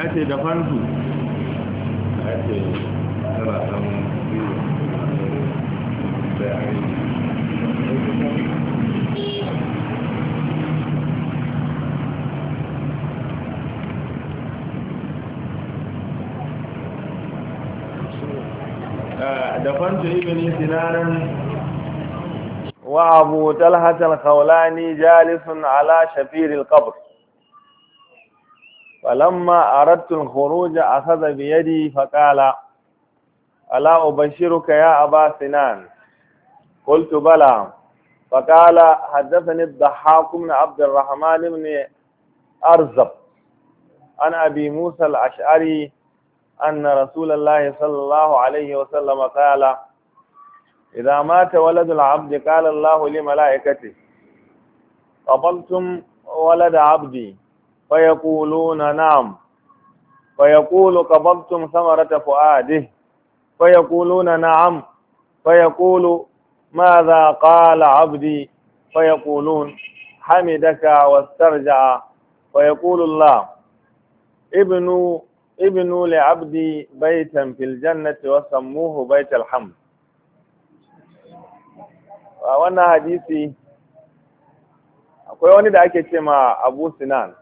دفنت ابني سنارا وابو تلهة الخولاني جالس على شفير القبر falamma aradtul khuruja a bi yadi fa qala ala ubashiruka kaya aba sinan qultu bala fa qala hadathani ad-dahhak min abd ar-rahman ibn arzab an abi musa al-ash'ari ana rasulullah sallallahu alayhi wa sallam qala idha mata waladu al-abd qala allah li malaikati qabaltum walad abdi فيقولون نعم فيقول قبضتم ثمرة فؤاده فيقولون نعم فيقول ماذا قال عبدي فيقولون حمدك واسترجع فيقول الله ابن ابن لعبدي بيتا في الجنة وسموه بيت الحمد wannan hadisi akwai wani da ake ce ma abu sinan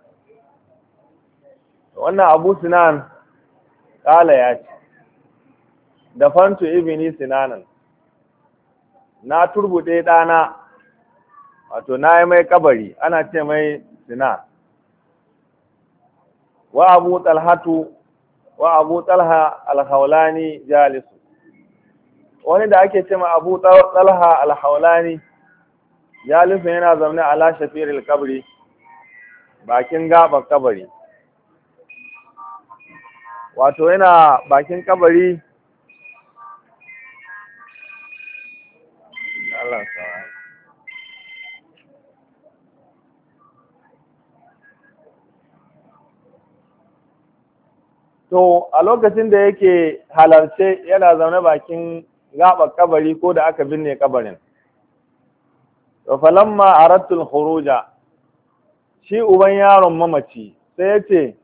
wannan abu sinan kala ya ce da fanto ibini sinanan na turbuɗe ɗana wato na yi mai kabari ana ce mai sinan wa abu talhatu wa abu talha alhaulani jalisu wani da ake ce ma abu talha alhaulani jalisu yana zaune ala shafirin kabari bakin gaɓar kabari wato yana bakin kabari to a lokacin da yake halarce yana zaune bakin gaɓar kabari ko da aka binne kabarin to falamma aratul khuruja shi uban yaron mamaci sai yace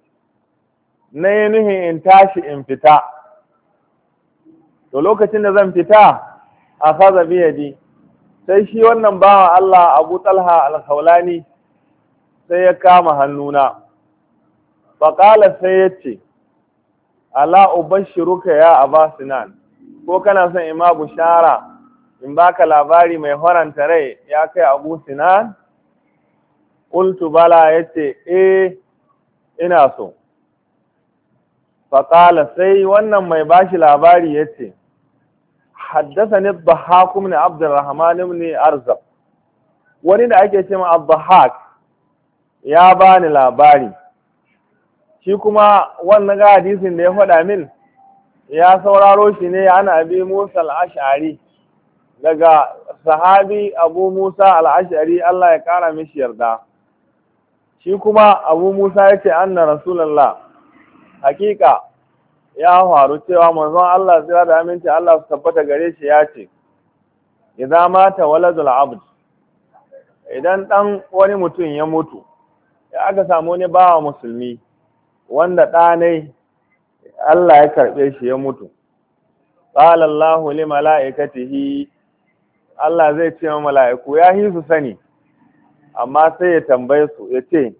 na yi in tashi in fita to lokacin da zan fita a faza ji, sai shi wannan bawa Allah Abu Talha al sai ya kama hannuna faƙala sai ya ce ala ubashiruka ya ba Sinan ko kana son in bushara in baka labari mai horanta rai ya kai Abu Sinan Ultu bala ya ce, E, ina so. فقال sai wannan mai bashi labari ya ce haddasa ne Abd ne rahman ne arzab wani da ake cewa ma abdahak ya bani labari shi kuma wannan ga hadisin da ya faɗa min ya sauraro shi ne ana abi musa al-Ash'ari daga sahabi abu musa al'ashari Allah ya ƙara mishi yarda shi kuma abu musa ya anna Rasulullah hakika ya faru cewa manzon Allah sai da aminci Allah su tabbata gare shi ya ce idza mata waladul abd idan dan wani mutum ya mutu ya aka samu ne bawa musulmi wanda ɗanai Allah ya karɓe shi ya mutu qala Allahu li malaikatihi Allah zai ce wa mala'iku ya hisu su sani amma sai ya tambaye su ya ce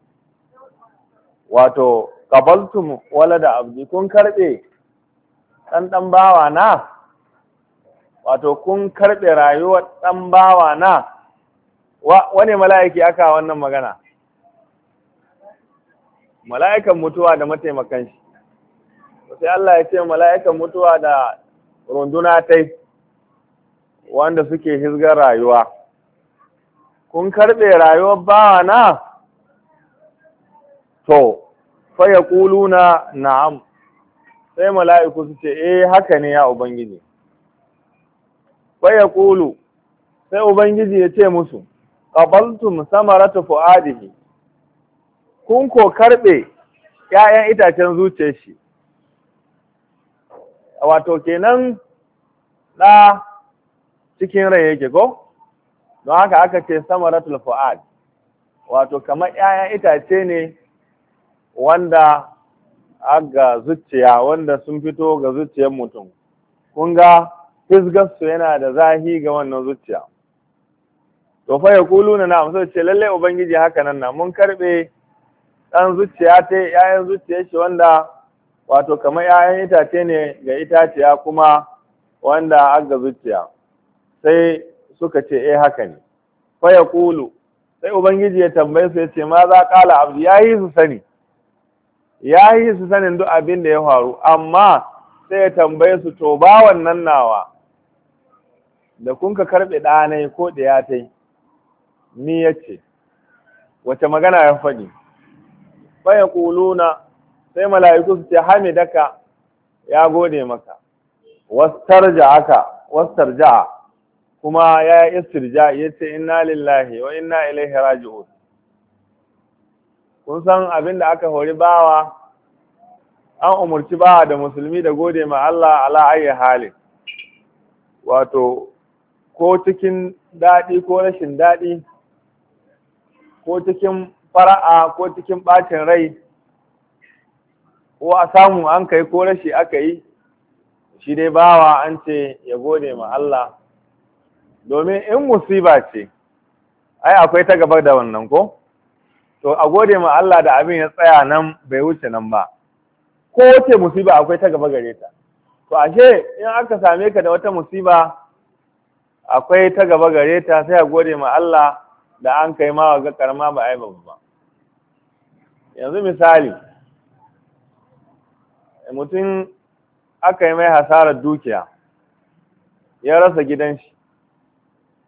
wato qabaltum walada abdi kun karbe dan dan bawa na wato kun karbe rayuwar dan bawa na wane mala'iki aka wannan magana mala'ikan mutuwa da mataimakan shi sai Allah ya ce mala'ikan mutuwa da runduna tai wanda suke hizgar rayuwa kun karbe rayuwar bawa na to fa yaquluna na'am sai mala'iku su ce eh haka ne ya ubangiji Faya Kulu sai ubangiji ya ce musu qabaltum samarata fuadihi kun ko karbe ƴaƴan itacen zuciyar shi wato kenan da cikin rai yake ko don haka aka ce samaratul fuad wato kamar ƴaƴan itace ne wanda ga zuciya wanda sun fito ga zuciyar mutum kun ga fisgarsu yana da zahi ga wannan zuciya to fa yaquluna na sai ce lalle ubangiji haka nan na mun karbe dan zuciya ta yayan zuciya shi wanda wato kamar yayan itace ne ga itaciya kuma wanda aga zuciya sai suka ce eh haka ne fa yaqulu sai ubangiji ya tambaye su ya ce ma za kala abdi yayi su sani ya yi su sanin duk abin da ya faru amma sai ya tambaye su to ba wannan nawa da kun ka karɓe ɗanai ko tai ni ya ce wace magana ya faɗi faya kuluna sai mala'iku su ce hami daka ya gode maka Wastar aka kuma ya yi istirja ya ce inna lillahi wa inna ilaihi raji'un kun san abin da aka hori bawa an umarci bawa da musulmi da gode ma Allah ala ayi hali wato ko cikin daɗi ko rashin daɗi ko cikin fara'a ko cikin ɓacin rai ko a samu an kai ko rashi aka yi shi dai bawa an ce ya gode ma Allah domin in musiba ce ai akwai ta gaba da wannan ko to a gode ma Allah da abin ya tsaya nan bai wuce nan ba ko wace musiba akwai ta gaba gare ta to ashe in aka same ka da wata musiba akwai ta gaba gare ta sai a gode ma Allah da an kai ma ga karama ba ai babu ba yanzu misali mutum aka yi mai hasarar dukiya ya rasa gidan shi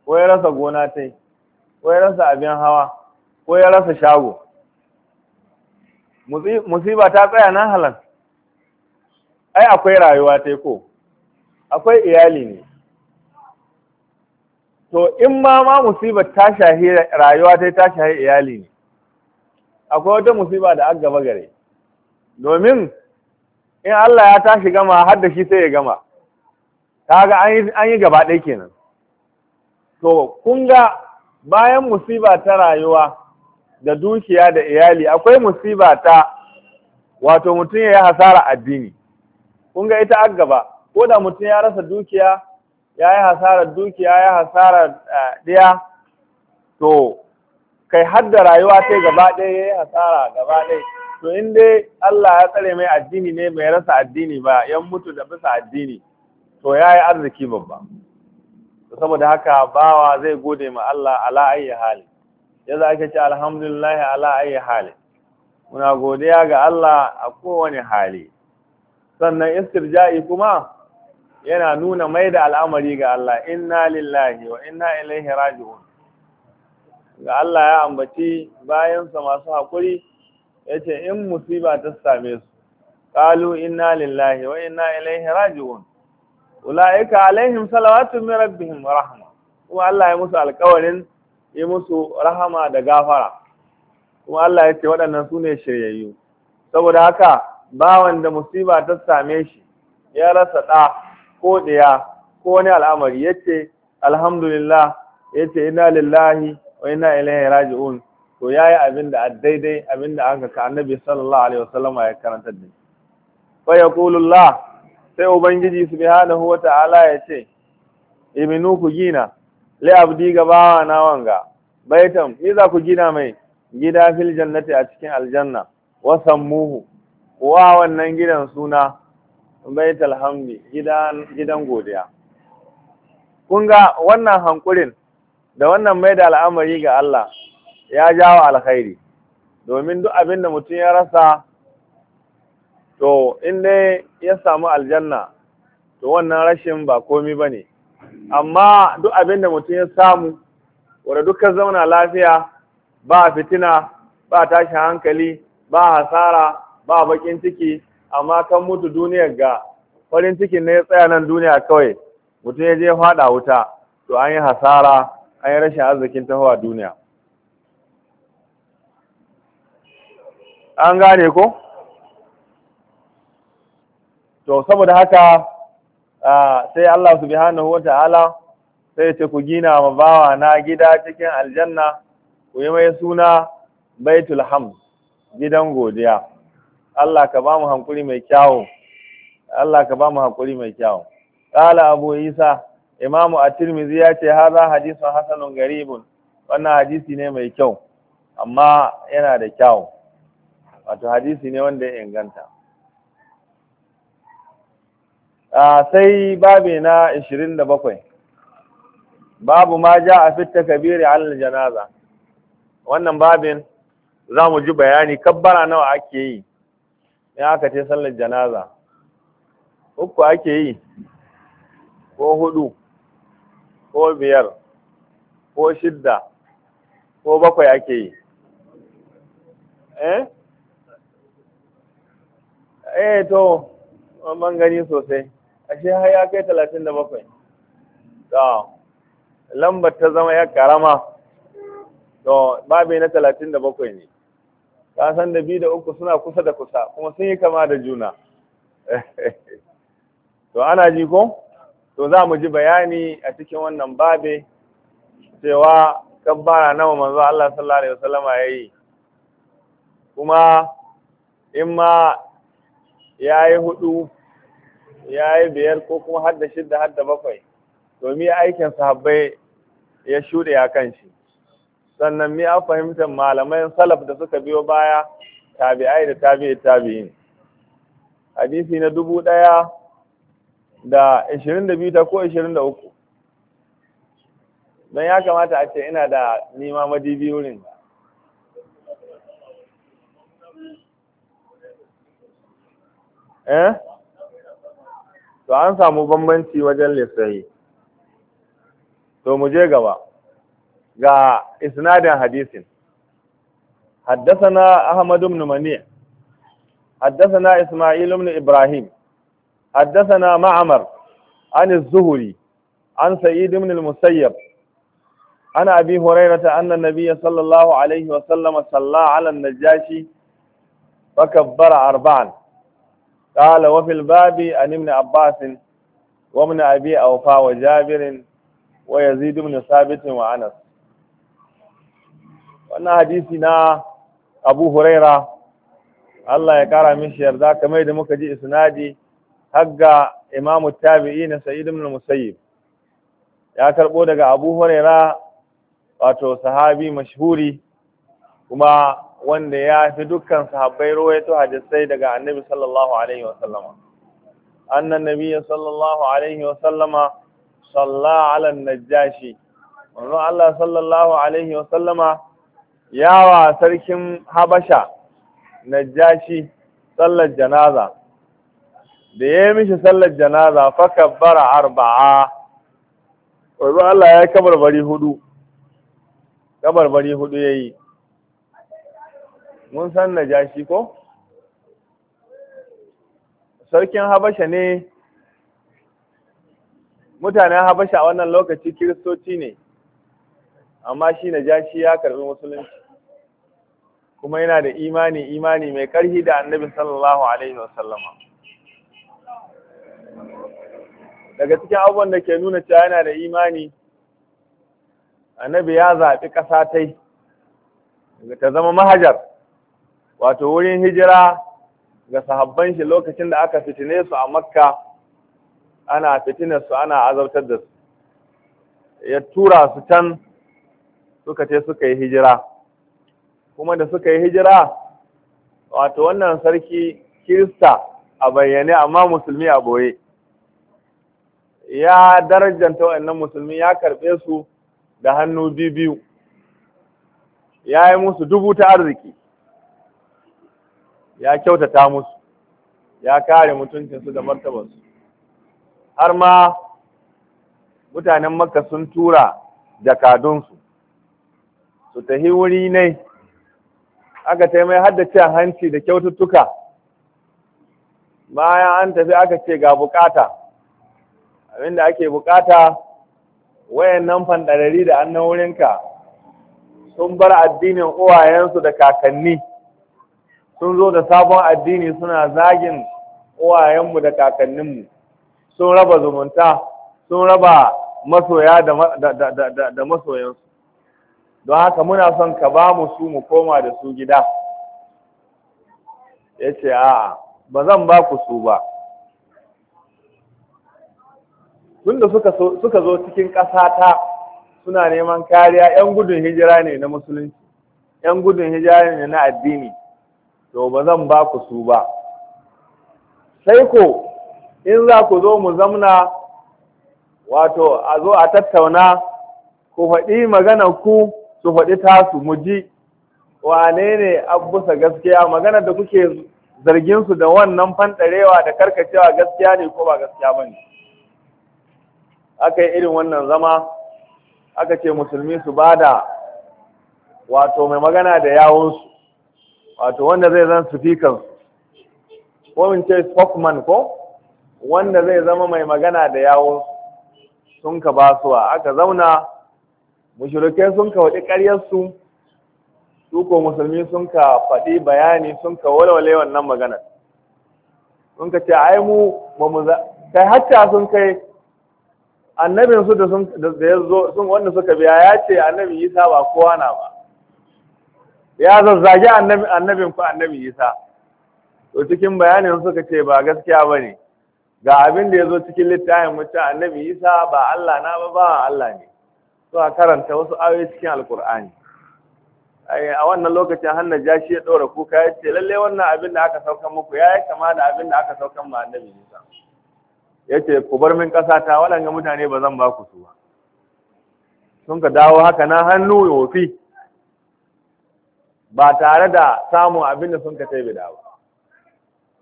ko ya rasa gona ta ko ya rasa abin hawa ko ya rasa shago musiba ta tsaya nan halan ai akwai rayuwa ta ko akwai iyali ne to in ma ma musiba ta shahi rayuwa ta ta shahi iyali ne akwai wata musiba da an gaba gare domin in Allah ya tashi gama har da shi sai ya gama kaga an yi gaba ɗaya kenan to kun ga bayan musiba ta rayuwa da dukiya da iyali akwai musiba ta wato mutum ya yi hasara addini kun ga ita agaba ko da mutum ya rasa dukiya ya yi hasarar dukiya ya hasarar eh, ɗaya to kai hadda rayuwa ta gaba ɗaya ya yi hasara gaba ɗaya to in dai Allah ya tsare mai addini ne mai rasa addini ba yan mutu da bisa addini to ya yi arziki babba saboda haka bawa zai gode ma Allah ala ayyi hali ya za ka ce alhamdulillahi ala ayi hali muna godiya ga Allah a kowane hali sannan istirja'i kuma yana nuna mai da al'amari ga Allah inna lillahi wa inna ilaihi raji'un ga Allah ya ambaci bayansa masu haƙuri ya ce in musiba ta same su ƙalu inna lillahi wa inna ilaihi raji'un ula'ika alaihim salawatu min rabbihim wa rahma kuma Allah ya musu alƙawarin yi musu rahama da gafara kuma Allah ya ce waɗannan su ne shiryayyu saboda haka bawan da musiba ta same shi ya rasa ɗa ko ɗaya ko wani al'amari ya ce alhamdulillah ya ce ina lillahi wa ina ilaihi raji'un to ya yi abin da daidai abin da aka ka annabi sallallahu alaihi wasallama ya karanta da fa yaqulullah sai ubangiji subhanahu wa ta'ala ya ce ibnu ku gina li'abdi abdi ga bawa na wanga baitam iza ku gina mai gida fil jannati a cikin aljanna wa sammuhu wa wannan gidan suna baitul hamdi gidan gidan godiya kun ga wannan hankurin da wannan mai da al'amari ga Allah ya jawo alkhairi domin duk abin da mutum ya rasa to in dai ya samu aljanna to wannan rashin ba komi bane amma duk abin da mutum ya samu wadda dukkan zauna lafiya ba fitina ba tashin hankali ba hasara ba bakin ciki amma kan mutu duniyar ga farin cikin na ya tsaya nan duniya kawai mutum ya je faɗa wuta to an yi hasara an yi rashin arzikin tahowa duniya an gane ko to saboda haka sai Allah subhanahu wa ta'ala sai ce ku gina ma bawa na gida cikin aljanna ku yi mai suna baitul ham gidan godiya Allah ka ba mu hankuri mai kyawu Allah ka ba mu hankuri mai kyawu qala abu isa imamu at-tirmidhi ya ce hadha hadithun hasanun garibun wannan hadisi ne mai kyau amma yana da kyawu wato hadisi ne wanda ya inganta sai babi na 27 babu ma ja a fitta kabiri alal janaza wannan babin za mu ji bayani kabbara nawa ake yi in aka ce sallar janaza uku ake yi ko hudu ko biyar ko shidda ko bakwai ake yi eh eh to ban gani sosai ashe har ya kai talatin da bakwai to lambar ta zama ya karama to babi na talatin da bakwai ne Kasan da biyu da uku suna kusa da kusa kuma sun yi kama da juna to ana ji ko to za mu ji bayani a cikin wannan babe cewa kabbara nawa manzo Allah sallallahu alaihi wasallama yayi kuma in ma yayi hudu ya yi biyar ko kuma har da shidda har da bakwai domin aikin sahabbai ya shuɗe a kan shi sannan mi an fahimtar malamai salaf da suka biyo baya tabi'ai da tabi'i tabi'in hadisi na dubu ɗaya da ishirin da biyu ta ko ishirin da uku don ya kamata a ce ina da nima madibi wurin eh to an samu bambanci wajen lissai to mu gaba ga isnadin hadisin haddasana ahmad ibn mani haddasana isma'il ibn ibrahim haddasana ma'amar an az-zuhri an sa'id ibn al-musayyab ana abi hurairah anna nabiyya sallallahu alayhi wa sallam salla 'ala an-najashi fa kabbara arba'an قال وفي الباب عن ابن عباس وابن أبي wa وجابر ويزيد بن ثابت وأنس wannan hadisi na abu huraira Allah ya kara mishi yarda kamar da muka ji isnadi hagga imamu tabi'i na sa'id ibn musayyib ya karɓo daga abu huraira wato sahabi mashhuri kuma wanda ya fi dukkan sahabbai rawaito hadisai daga annabi sallallahu alaihi wa sallama annan nabiyyi sallallahu alaihi wa sallama salla ala najashi wannan Allah sallallahu alaihi wa sallama yawa sarkin habasha najashi sallar janaza da ya mishi sallar janaza fa kabbara arba'a wannan Allah ya kabarbari hudu kabarbari hudu yayi mun san najashi ko sarkin habasha ne mutanen habasha a wannan lokaci kiristoci ne amma shi najashi ya karbi musulunci kuma yana da imani imani mai karhi da annabi sallallahu alaihi wasallama daga cikin abubuwan da ke nuna cewa yana da imani annabi ya zaɓi ƙasa ta ta zama mahajar wato wurin hijira ga sahabban shi lokacin da aka fitine su a makka ana fitinar su ana azabtar da su ya tura su can suka ce suka yi hijira kuma da suka yi hijira wato wannan sarki kirista a bayyane amma musulmi a boye ya darajanta wannan musulmi ya karɓe su da hannu biyu ya yi musu dubu ta arziki ya kyautata musu ya kare mutuncinsu da martabarsu har ma mutanen makka sun tura jakadunsu su tahi wuri ne aka ta mai cin hanci da kyaututtuka bayan an tafi aka ce ga bukata abinda ake bukata wayannan fandarari da annan wurinka sun bar addinin uwayensu da kakanni sun zo da sabon addini suna zagin uwayenmu da kakanninmu sun raba zumunta sun raba masoya da masoyansu don haka muna son ka ba mu su mu koma da su gida ya ce a'a ba zan ba ku su ba Tun tunda suka zo cikin ƙasa ta suna neman kariya 'yan gudun hijira ne na musulunci 'yan gudun hijira ne na addini to ba zan ba ku su ba sai ko in za ku zo mu zamna wato a zo a tattauna ku faɗi magana ku su faɗi tasu mu ji wane ne abusa gaskiya maganar da kuke zarginsu da wannan fanɗarewa da karkacewa gaskiya ne ko ba gaskiya ba ne aka yi irin wannan zama aka ce musulmi su ba da wato mai magana da yawunsu wato wanda zai zan speaker ko in ce spokesman ko wanda zai zama mai magana da yawo sun ka basuwa aka zauna mushrikai sun ka waɗi ƙaryarsu su ko musulmi sun ka faɗi bayani sun ka walwale wannan maganar sun ka ce ai mu ba mu kai hatta sun kai annabin su da sun da ya zo sun wanda suka biya ya ce annabi yi ba kowa na ba ya zazzage annabin ku annabi isa to cikin bayanin suka ce ba gaskiya ba ne ga abin da ya zo cikin littafin mutum annabi isa ba allah na ba ba allah ne a karanta wasu ayoyi cikin alkur'ani a wannan lokacin hannun shi ya ɗora kuka ya ce lallai wannan abin da aka saukan muku ya yi kama da abin da aka saukan ma annabi Isa ya ce ku bar min ƙasa ta waɗanga mutane ba zan ba ku su ba sun ka dawo haka na hannu ya wofi ba tare da samun abin da sun ka tai bida ba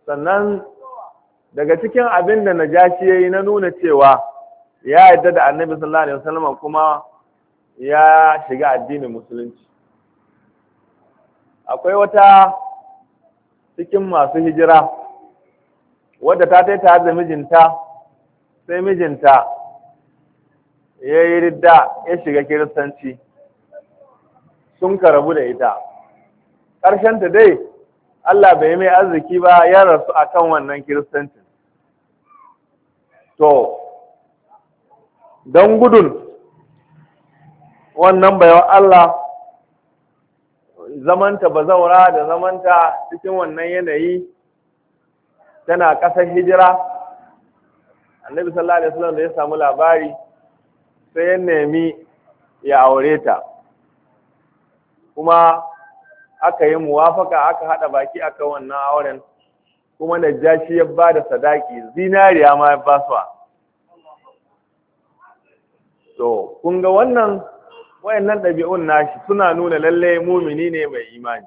sannan daga cikin abin da najashi yayi na nuna cewa ya yadda da annabi sallallahu alaihi wasallam kuma ya shiga addinin musulunci akwai wata cikin masu hijira wadda ta taita da mijinta sai mijinta ya yi ridda ya shiga kiristanci sun karabu da ita ƙarshen ta dai Allah bai mai arziki ba ya rasu a kan wannan kiristanci to don gudun wannan bayan Allah zamanta ba zaura da zamanta cikin wannan yanayi tana ƙasar hijira annabi sallallahu alaihi wasallam da ya samu labari sai ya nemi ya aure ta kuma aka yi muwafaka aka haɗa baki aka wannan auren kuma jashi ya ba da sadaki zinariya ma ya ba suwa. to kun ga wannan wayannan ɗabi'un nashi suna nuna lalle mumini ne mai imani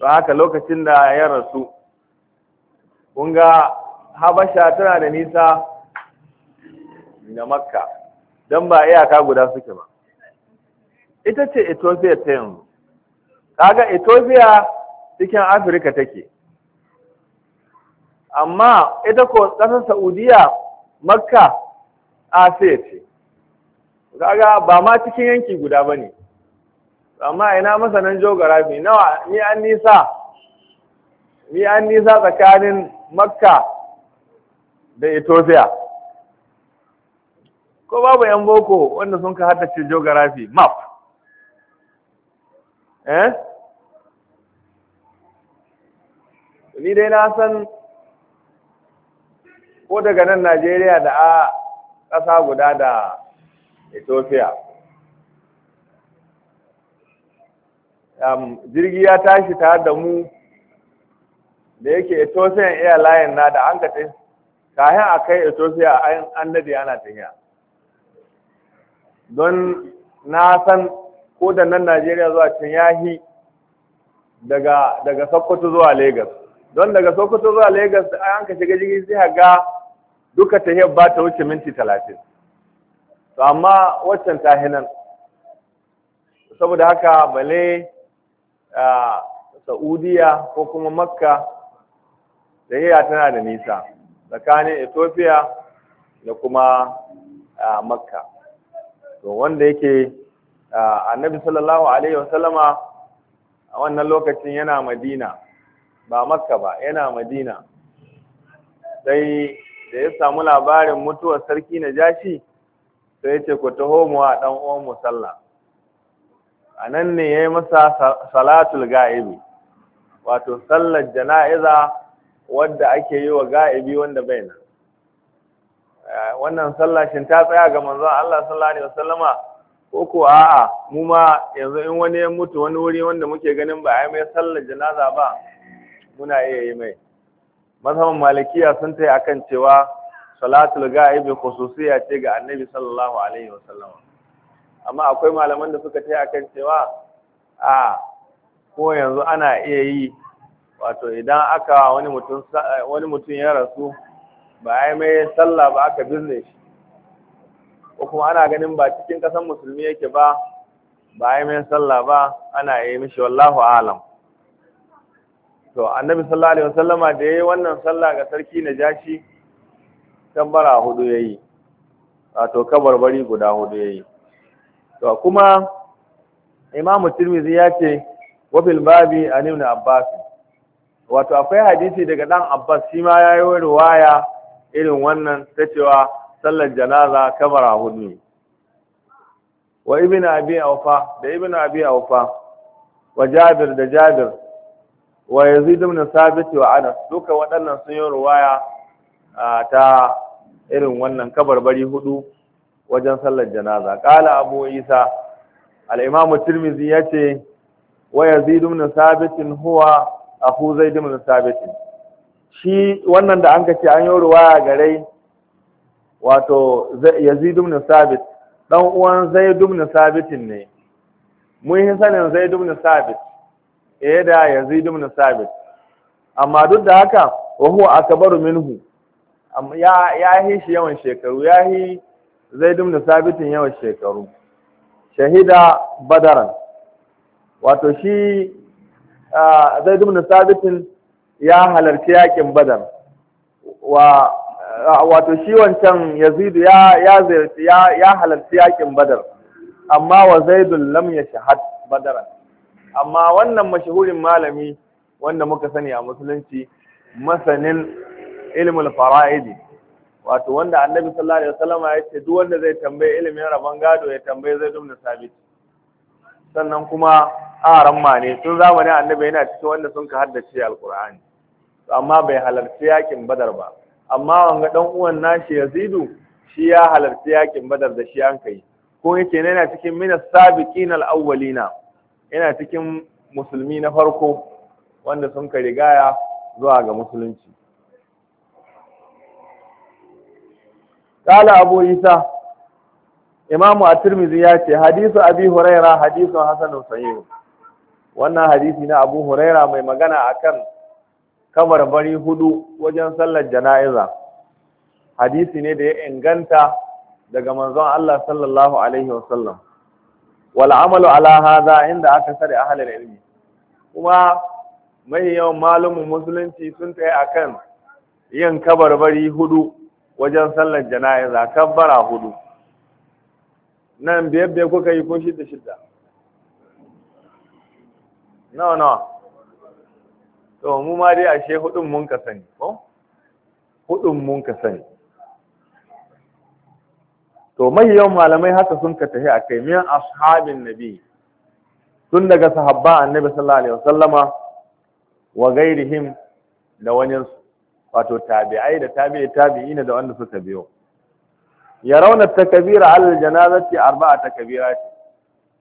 Ba haka lokacin da ya rasu kun ga habasha tana da nisa da makka don ba iyaka guda suke ba ita ce ethiopia ta yanzu kaga Ethiopia cikin Afirka take amma ita ko ƙasar Saudiya Makka Asiya ce kaga ba ma cikin yanki guda ba ne. amma ina masanin geography nawa ni an nisa ni an nisa tsakanin Makka da Ethiopia ko babu 'yan boko wanda sun ka haddace geography map eh ni dai na san ko daga nan Najeriya da a ƙasa guda da Ethiopia jirgi ya tashi tare da mu da yake Ethiopian airline na da an ka kayan a kai Ethiopia an dade ana tafiya don na san ko da nan Najeriya zuwa can yahi daga daga Sokoto zuwa Lagos don daga Sokoto zuwa Lagos an ka shiga jirgin sai ga duka ta ba ta wuce minti talatin to amma waccan tahinan saboda haka bale a Saudiya ko kuma Makka da tana da nisa tsakanin Ethiopia da kuma Makka to wanda yake annabi sallallahu alaihi wasallama a wannan lokacin yana madina ba makka ba yana madina sai da ya samu labarin mutuwar sarki na jashi sai ya ce ku taho mu a ɗan uwan mu sallah a nan ne ya yi masa salatul ga'ibi wato sallar jana'iza wadda ake yi wa ga'ibi wanda bai nan wannan sallashin ta tsaya ga manzon Allah sallallahu alaihi wasallama ko ko a'a mu ma yanzu in wani ya mutu wani wuri wanda muke ganin ba a yi mai sallar janaza ba muna iya yi mai mazhaban malikiya sun tai akan cewa salatul ga'ibi khususiya ce ga annabi sallallahu alaihi sallam amma akwai malaman da suka tai akan cewa a ko yanzu ana iya yi wato idan aka wani mutum ya rasu ba a yi mai sallah ba aka binne shi ko kuma ana ganin ba cikin kasan musulmi yake ba ba yi mai sallah ba ana yi mishi wallahu alam to annabi sallallahu alaihi wasallama da yayi wannan sallah ga sarki najashi tambara hudu yayi wato kabarbari guda hudu yayi to kuma imam tirmidhi ya ce wa bil babi an ibn abbas wato akwai hadisi daga dan abbas shi ma yayi riwaya irin wannan ta cewa sallar janaza kamara hudu ne wa ibn abi aufa da ibn abi aufa wa jabir da jabir wa yazid ibn sabit wa anas duka waɗannan sun yi ruwaya ta irin wannan kabarbari hudu wajen sallar janaza qala abu isa al-imam tirmidhi yace wa yazid ibn sabit huwa ahu zaid ibn sabit shi wannan da an ce an yi ruwaya gare wato yazid ibn sabit dan uwan zaid ibn sabit ne mun yi sanin zaid ibn sabit eh da yazid ibn sabit amma duk da haka wa huwa akbaru minhu ya ya yi shi yawan shekaru ya yi zaid ibn sabit yawan shekaru shahida badaran wato shi ah, zaid ibn sabit ya halarci yakin badar wa wato shi wancan Yazid ya ya ya ya halarci yakin Badar amma wa Zaidun lam yashhad Badara amma wannan mashahurin malami wanda muka sani a musulunci masanin ilmul fara'idi wato wanda Annabi sallallahu alaihi wasallam ya ce duk wanda zai tambaye ilimin rabon gado ya tambaye zai ibn Sabit sannan kuma ramma ne tun zamanin Annabi yana cikin wanda sun ka haddace Alqur'ani amma bai halarci yakin Badar ba amma wanga dan uwan nashi yazidu shi ya halarci yakin badar da shi an kai ko yake ne yana cikin minas sabiqin al-awwalina yana cikin musulmi na farko wanda sun ka rigaya zuwa ga musulunci قال أبو عيسى إمام الترمذي حديث أبي هريرة حديث حسن صحيح wannan hadisi na abu huraira mai magana akan Kabar-bari hudu wajen sallar jana'iza hadisi ne da ya inganta daga manzon Allah sallallahu alaihi wasallam wal amalu ala hadha inda aka sare ahlul ilmi kuma mai yawan malumin musulunci sun tsaye akan yin kabarbari hudu wajen sallar jana'iza kabbara hudu nan biyar biyar kuka yi ko shidda shidda nawa nawa to mu ma dai ashe hudun mun ka sani ko hudun mun ka sani to mai yawan malamai haka sun ka tafi a kai miyan ashabin nabi tun daga sahabba annabi sallallahu alaihi wasallama wa gairihim da wani wato tabi'ai da tabi'i tabi'ina da wanda suka biyo ya rauna takabira al janazati arba'a takabirati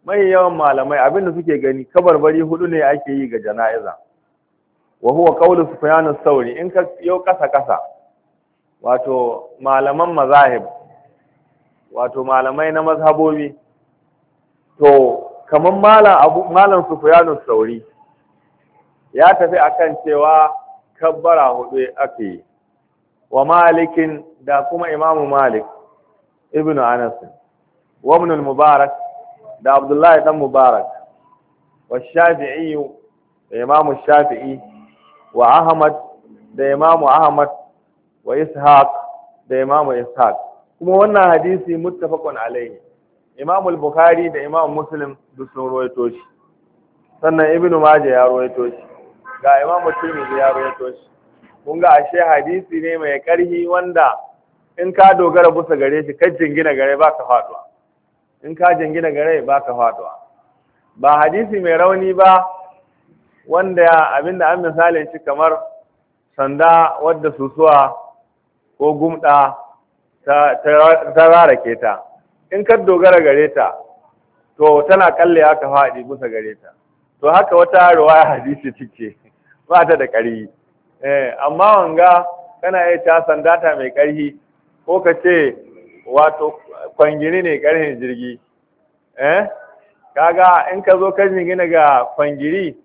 mai yawan malamai abinda suke gani kabarbari hudu ne ake yi ga jana'iza wa huwa qawlu sufyan as-sawri in ka yo kasa kasa wato malaman mazahib wato malamai na mazhabobi to kaman malam abu malam sufyan as-sawri ya tafi akan cewa kabbara hudu ake wa malikin da kuma imamu malik ibnu anas wa ibn al-mubarak da abdullahi dan mubarak wa shafi'i da imamu shafi'i wa Ahmad da Imamu Ahmad wa Ishaq da Imamu Ishaq kuma wannan hadisi muttafaqun alaihi Imam al-Bukhari da Imam Muslim duk sun rawaito shi sannan Ibn Majah ya rawaito shi ga Imam Tirmidhi ya rawaito shi kun ga ashe hadisi ne mai karhi wanda in ka dogara busa gare shi ka jingina gare ba ka faduwa in ka jingina gare ba ka faduwa ba hadisi mai rauni ba wanda abinda an misali shi kamar sanda wadda susuwa ko gumda ta rara ke ta in ka dogara gare ta to tana kalle aka faɗi bisa gare ta to haka wata ruwaya hadisi cike, ba ta da ƙarfi eh amma wanga kana iya ta sanda ta mai ƙarfi ko ka ce wato kwangini ne ƙarfin jirgi eh kaga in ka zo ka jingina ga kwangiri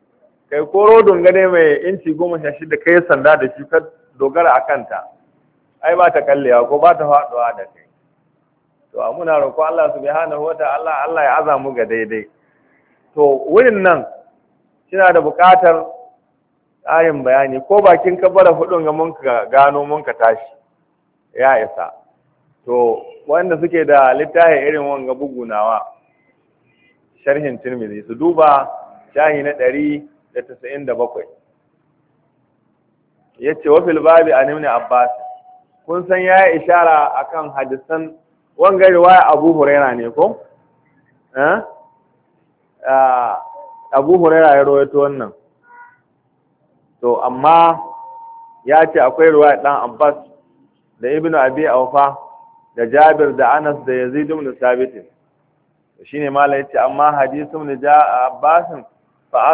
kai ko rodon gane mai inci goma sha shida kai sanda da shi ka dogara a kanta ai ba ta kallewa ko ba ta faɗuwa da kai to a muna roƙo Allah subhanahu wa ta'ala Allah ya azamu ga daidai to wurin nan kina da buƙatar ƙarin bayani ko bakin ka bara hudun ga mun ka gano mun ka tashi ya isa to wanda suke da littafi irin wanga bugunawa sharhin Tirmidhi su duba shahi na ɗari da tasa'in da bakwai ya ce wafil babi a nimni abbas kun san ya yi ishara a kan hadisan wanga waya abu huraira ne ko? Eh? abu huraira ya rawaito wannan to amma ya ce akwai ya dan abbas da ibnu abi aufa da jabir da anas da yazid ibn sabit shine malai ce amma hadisun da ja abbasin fa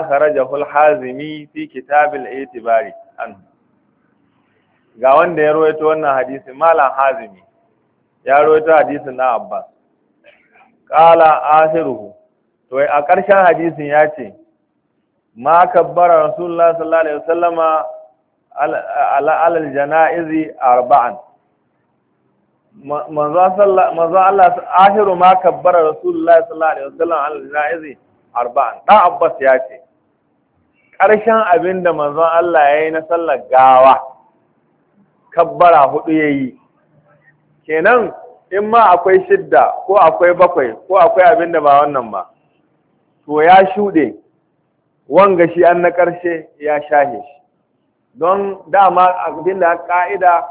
الحازمي في كتاب fi kitab itibari an ga wanda ya rawaito wannan hadisi malam hazimi ya rawaito hadisin na abbas qala ahiruhu to a ƙarshen hadisin ya ce ma kabbara rasulullah sallallahu alaihi wasallama ala alal janaizi arba'an manzo Allah ahiru ma kabbara rasulullah sallallahu alaihi wasallam alal janaizi arba'an dan abbas ya ce ƙarshen abin da manzon Allah ya yi na sallar gawa kabbara hudu ya yi kenan in ma akwai shidda ko akwai bakwai ko akwai abin da ba wannan ba to ya shuɗe wanga shi an na ƙarshe ya shahe shi don dama abin da ƙa'ida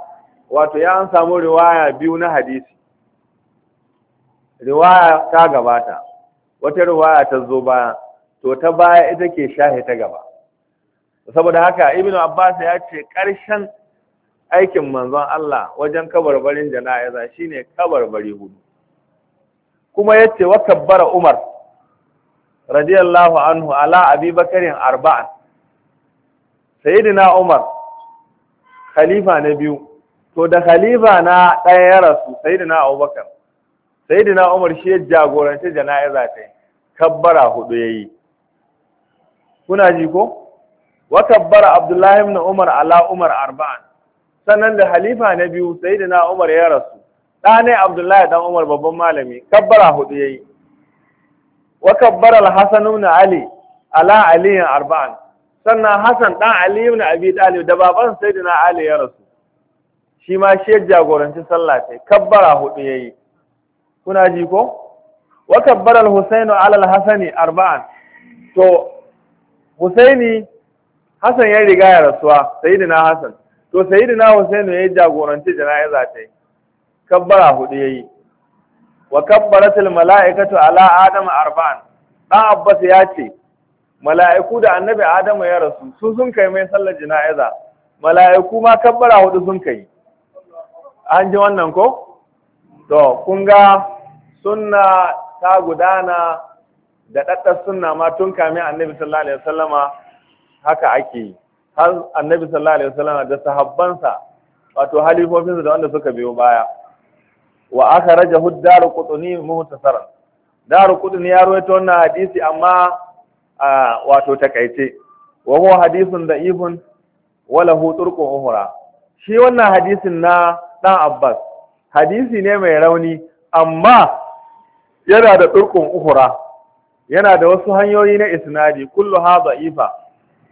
wato ya an samu riwaya biyu na hadisi riwaya ta gabata wata ruwaya ta zo baya to ta baya ita ke shahe ta gaba saboda haka ibnu abbas ya ce ƙarshen aikin manzon Allah wajen kabarbarin jana'iza shine kabarbari hudu kuma yace wa kabbara umar radiyallahu anhu ala abi bakarin arba'an sayyidina umar khalifa na biyu to da khalifa na ɗaya ya rasu sayyidina abubakar sayyidina umar shi ya jagoranci jana'iza ta yi kabbara hudu yayi kuna ji ko wa kabbara abdullahi ibn umar ala umar arba'an sannan da halifa na biyu sayyidina umar ya rasu ne abdullahi dan umar babban malami kabbara hudu yayi wa kabbara al-hasan ibn ali ala ali arba'an sannan hasan dan ali ibn abi talib da baban sayyidina ali ya rasu shi ma shi jagoranci sallah sai kabbara hudu yayi kuna ji ko wa kabbara al-husainu ala al arba'an to husaini hasan ya riga ya rasuwa sayyidina hasan to sayyidina husainu ya jagoranci jana'iza ta yi kabbara hudu yayi wa kabbaratul mala'ikatu arba'an dan abbas ya ce mala'iku da annabi adamu ya rasu su sun kai mai sallar jana'iza mala'iku ma kabbara hudu sun kai an ji wannan ko to kun ga sunna ta gudana da ɗaɗɗar sunna ma tun kamin annabi sallallahu alaihi wasallama haka ake yi har annabi sallallahu alaihi wasallama da sahabbansa wato halifofinsa da wanda suka biyo baya wa aka raja huddaru kutuni muhtasara daru kutuni ya rawaito wannan hadisi amma wato takaice wa huwa hadithun da'ifun wala hu turqun uhra shi wannan hadisin na dan Abbas hadisi ne mai rauni amma yana da turkun uhura yana da wasu hanyoyi na isnadi kullu ha za'ifa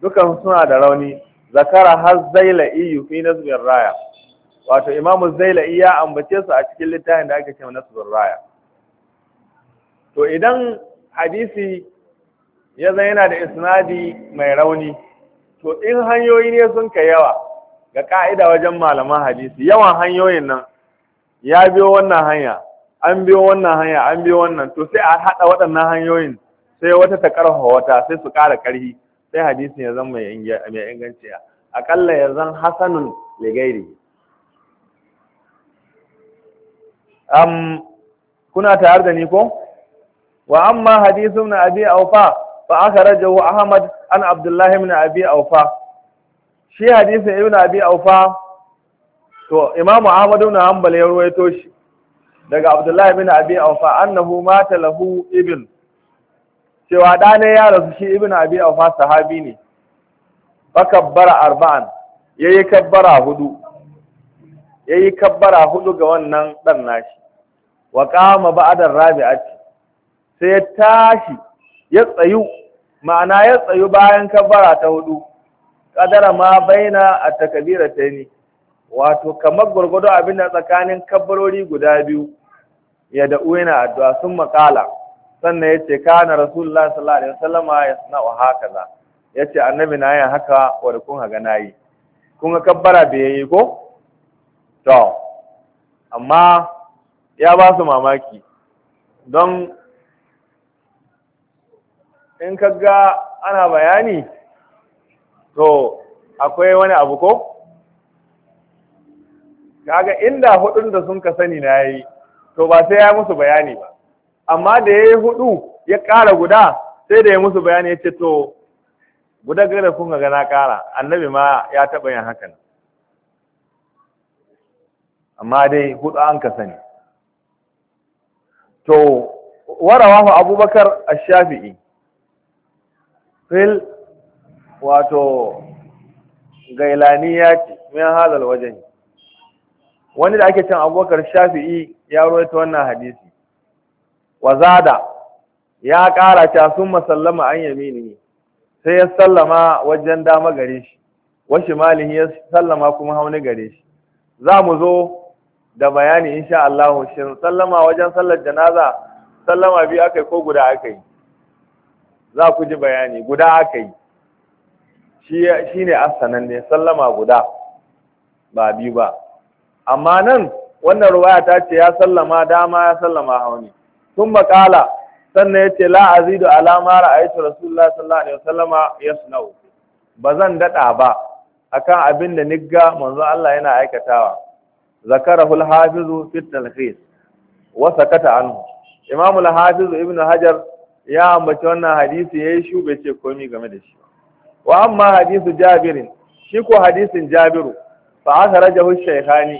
dukan suna da rauni zakara har zaila'i fi nazbir raya wato imamu zaila'i ya ambace su a cikin littafin da ake cewa nazbir raya to idan hadisi ya zan yana da isnadi mai rauni to in hanyoyi ne sun kai yawa ga ka'ida wajen malaman hadisi yawan hanyoyin nan ya biyo wannan hanya an biyo wannan hanya an biyo wannan to sai a haɗa waɗannan hanyoyin sai wata ta ƙarfa wata sai su ƙara ƙarfi sai hadisin ya zama mai inganci aƙalla ya zan hasanun ligairi um, kuna tayar da ni ko wa amma hadisun na abi aufa fa aka wa ahmad an abdullahi ibn abi aufa shi hadisin ibn abi aufa to imamu ahmad ibn hanbal ya ruwaito shi daga abdullahi bin abi aufa annahu mata lahu ibn cewa ɗane ya rasu shi ibn abi aufa sahabi ne bakabbara arba'an yayi kabbara hudu yayi kabbara hudu ga wannan dan nashi wa qama ba'da rabi'at sai ya tashi ya tsayu ma'ana ya tsayu bayan kabbara ta hudu kadara ma baina at-takbirataini wato kamar gwargwado abin da tsakanin kabarori guda biyu ya da yana addu'a sun makala sannan ya ce kana rasulullah sallallahu alaihi wasallam ya haka za? ya ce annabi na yin haka wadda kun haga na yi kun ga kabbara bai yi ko to amma ya ba su mamaki don in ka ga ana bayani to akwai wani abu ko kaga inda hudun da sun ka sani na yayi to ba sai ya musu bayani ba amma da yayi hudu ya kara guda sai da ya musu bayani ya ce to guda gare kun ga na kara annabi ma ya taɓa yin hakan amma dai hudu an ka sani to warawahu abubakar ash-shafi'i fil wato gailani ya ce min halal wajen wani da ake cin abubakar shafi'i ya ruwaita wannan hadisi wa zada ya ƙara ta sun masallama an yamini sai ya sallama wajen dama gare shi wa shimalihi ya sallama kuma hauni gare shi za mu zo da bayani insha Allah shin sallama wajen sallar janaza sallama biyu akai ko guda akai za ku ji bayani guda akai shi shine asanan ne sallama guda ba biyu ba amma nan wannan ruwaya ta ce ya sallama dama ya sallama hauni sun makala sannan ya ce alamara azidu alama ra'aytu rasulullah sallallahu alaihi wasallama yasna'u ba zan daɗa ba akan abin da nigga manzon Allah yana aikatawa zakara Hul hafizu fi talkhis wa sakata anhu imamu al-hafizu ibnu hajar ya ambaci wannan hadisi yayi shu bai ce komai game da shi wa amma hadisu jabirin shi ko hadisin jabiru fa akhrajahu shaykhani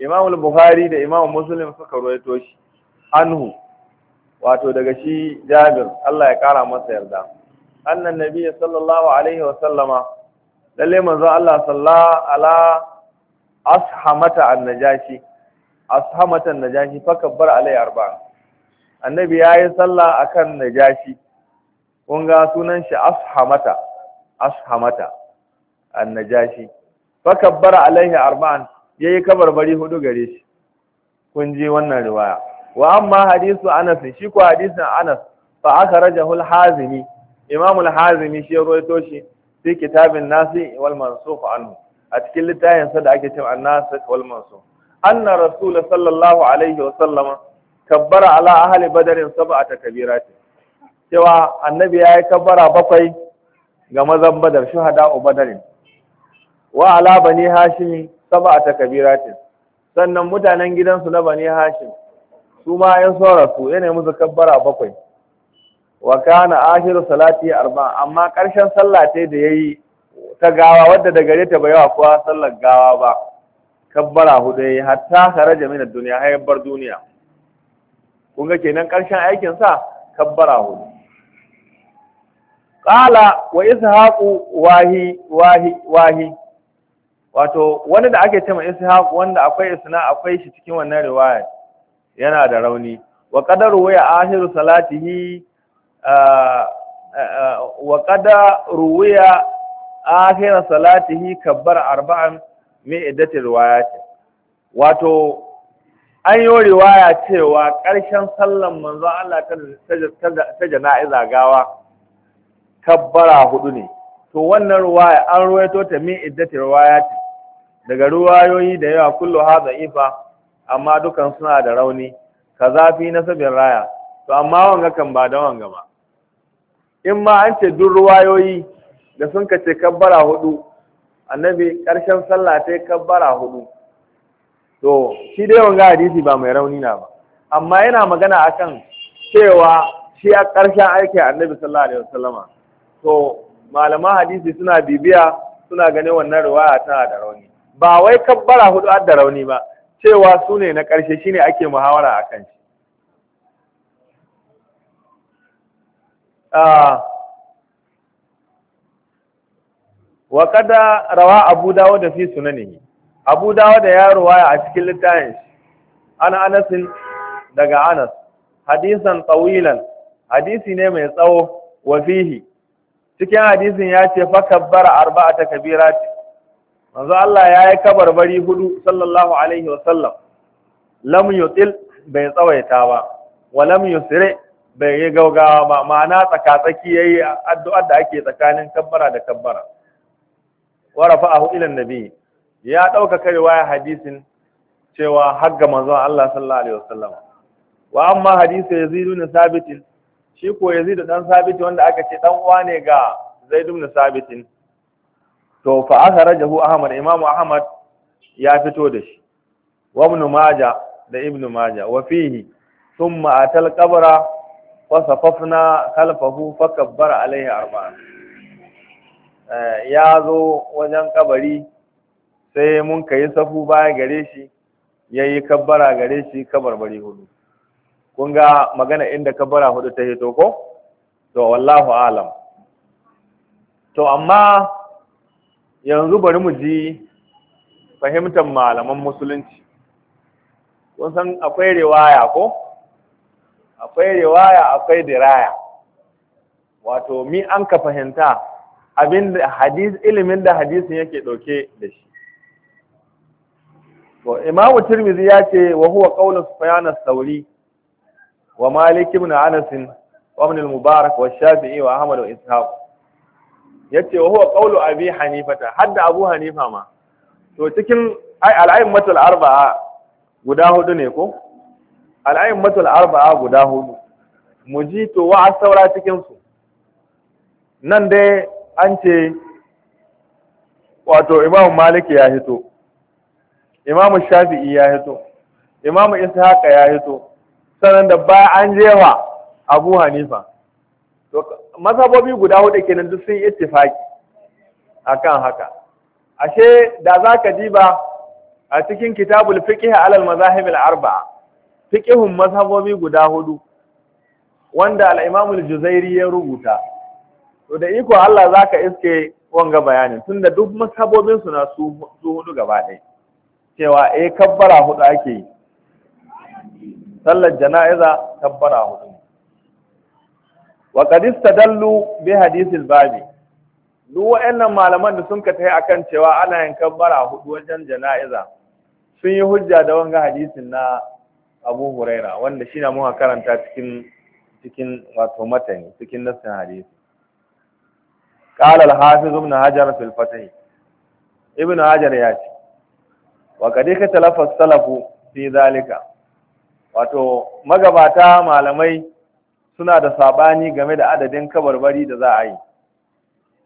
Imam Bukhari da Imam Muslim suka ruwaito shi anhu wato daga shi Jabir Allah ya kara masa yarda annan nabi sallallahu alaihi wa sallama lalle manzo Allah sallallahu ala ashamata annajashi ashamata annajashi fakabbar alai arba annabi yayi sallah akan najashi kun ga sunan shi ashamata ashamata annajashi fakabbara alaihi arba'an ya yi kabarbari hudu gare shi kun ji wannan riwaya wa amma hadisu anas shi ko hadisin anas fa aka al-hazimi imam hazimi shi rawaito shi fi kitabin nasi wal mansukh anhu a cikin littafin sa da ake cewa an-nasikh wal mansukh anna rasul sallallahu alaihi wa sallama kabbara ala ahli badrin sab'ata kabirat cewa annabi ya yi kabbara bakwai ga mazan badar shuhada u badarin wa ala bani hashimi sab'ata kabiratin sannan mutanen gidansu na bani hashim su ma ya saura su yanayi musu kabbara bakwai wa kana akhiru salati arba amma karshen sallah ta da yayi ta gawa wadda da gare ta bayawa kuwa sallar gawa ba kabbara hudu yayi hatta kharaja min ad-dunya hayar bar duniya kun ga kenan karshen aikin sa kabbara hudu qala wa ishaqu wahi wahi wahi wato wani da ake cewa ishaq wanda akwai isna akwai shi cikin wannan riwaya yana da rauni wa qadaru wa akhiru salatihi wa qadaru wa akhiru salatihi kabbar arba'an min iddatir riwayati wato an yi riwaya cewa ƙarshen sallan manzon Allah ta jana'iza gawa kabbara hudu ne to wannan riwaya an ruwaito ta min iddati ce. daga ruwayoyi da yawa kullu ha da'ifa amma dukan suna da rauni kaza fi nasabin raya to amma wanga kan ba da wanga ba in ma an ce duk ruwayoyi da sun kace kabbara hudu annabi karshen sallah ta kabbara hudu to shi dai wanga hadisi ba mai rauni na ba amma yana magana akan cewa shi a karshen aiki annabi sallallahu alaihi wasallama to malaman hadisi suna bibiya suna ganin wannan ruwaya tana da rauni ba wai kabbara hudu da rauni ba cewa su ne na ƙarshe shine ake muhawara a kan shi wa kada rawa abu dawo da fi sunanihi abu dawo da ya ruwaya a cikin littafin shi ana anasin daga anas hadisan tsawilan hadisi ne mai tsawo wa fihi cikin hadisin ya ce fa kabbara ta kabirati manzo Allah ya yi kabar bari hudu sallallahu alaihi wasallam lam yutil bai tsawaita ba wa lam yusri bai yi gaugawa ba ma'ana tsakatsaki yayi addu'ar da ake tsakanin kabbara da kabbara wa rafa'ahu ila nabi ya dauka waya hadisin cewa har ga manzo Allah sallallahu alaihi wasallam wa amma hadisi yazidu ibn sabitin? shi ko yazidu dan sabiti, wanda aka ce dan uwa ne ga zaidu ibn sabitin? to fa akhrajahu ahmad imam ahmad ya fito da shi wa ibn majah da ibn Maja, wa fihi thumma atal qabra fa safafna khalfahu fa kabbara alayhi arba'a eh, ya zo wajen kabari sai mun kai safu baya gare shi yayi kabbara gare shi kabarbari hudu kun ga magana inda kabbara hudu ta hito ko to wallahu alam to amma yanzu bari mu ji fahimtar malaman musulunci kun san akwai riwaya ko akwai riwaya akwai diraya wato mi an ka fahimta abin da hadis ilimin da hadisin yake ɗauke da shi to imamu tirmidhi ya ce wa huwa qawlu sufyan as-sawri wa malik ibn anas wa ibn al-mubarak wa shafi'i wa ahmad wa ishaq yace wa huwa qawlu abi hanifata hadda abu hanifa ma to cikin ai al-a'immatul arba'a guda hudu ne ko al-a'immatul arba'a guda hudu ji to wa saura cikin su nan dai an ce wato imamu malik ya hito imamu shafi'i ya hito imamu ishaqa ya hito sanan da ba an jewa abu hanifa to mazhabobi guda hudu kenan duk sun ittifaki akan haka ashe da za zaka diba a cikin kitabul fiqh alal mazahib al arba'a fiqhun mazhabobi guda hudu wanda al imam al juzairi ya rubuta to da iko Allah zaka iske wanga bayanin tunda duk mazhabobin su na su hudu gaba ɗaya cewa eh kabbara hudu ake yi sallar jana'iza kabbara hudu wa qad istadallu bi babi duk waɗannan malaman da sun ka a akan cewa ana yin kabbara hudu wajen jana'iza sun yi hujja da wanga hadisin na Abu Huraira wanda shi na muka karanta cikin cikin wato matani cikin nassin hadisi qala al-hafiz ibn hajar fil fatih ibn hajar ya ce wa kade ka talafa salafu fi zalika wato magabata malamai suna da sabani game da adadin kabarbari da za a yi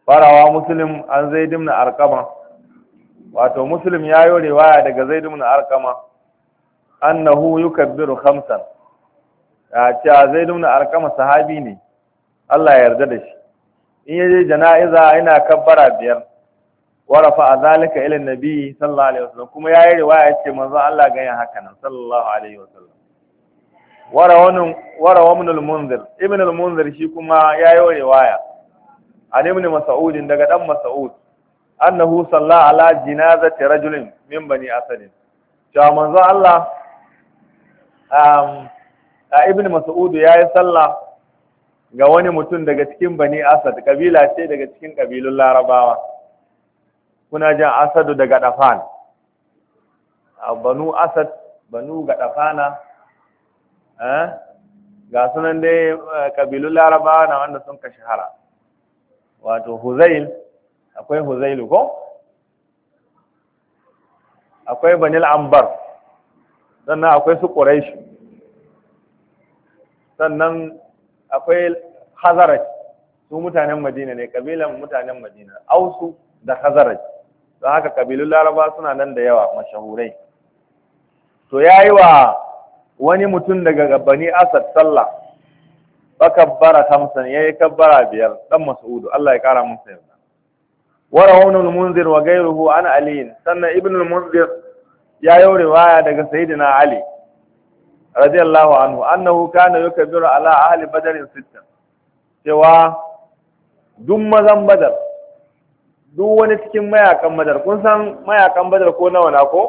farawa muslim an zai dimna arkama wato muslim ya yi riwaya daga zai dimna arqama annahu yukabbiru khamsan a ce zai dimna arkama sahabi ne Allah ya yarda da shi in ya je jana'iza ina kabbara biyar warafa a zalika ilin nabi sallallahu alaihi wasallam kuma ya yi riwaya ce manzon Allah ganyen haka nan sallallahu alaihi wasallam wara min al-munzir ibn al-munzir shi kuma yayo riwaya an ibn masa'udin daga dan mas'ud annahu salla ala jinazati rajulin min bani asad cewa manzo Allah um, a ibn ya yi sallah ga wani mutum daga cikin bani asad kabila ce daga cikin kabilun larabawa kuna jan asadu daga dafan banu asad banu ga dafana ga sunan dai eh, kabilun Laraba na wanda sun ka shahara wato huzail akwai huzailu ko akwai banil ambar sannan akwai su ƙuraishi sannan akwai hazaraj su mutanen madina ne kabilan mutanen madina ausu da hazaraj don haka kabilun laraba suna nan da yawa mashahurai to yayi wa wani mutum daga bani asad sallah fakabbara hamsan yayi kabbara biyar dan mas'udu Allah ya kara masa yarda wa rawahu munzir wa ghayruhu an ali sannan ibn al-munzir ya yi riwaya daga sayyidina ali radiyallahu anhu annahu kana yukabbiru ala ahli badr sittah cewa duk mazan badar duk wani cikin mayakan badar kun san mayakan badar ko nawa na ko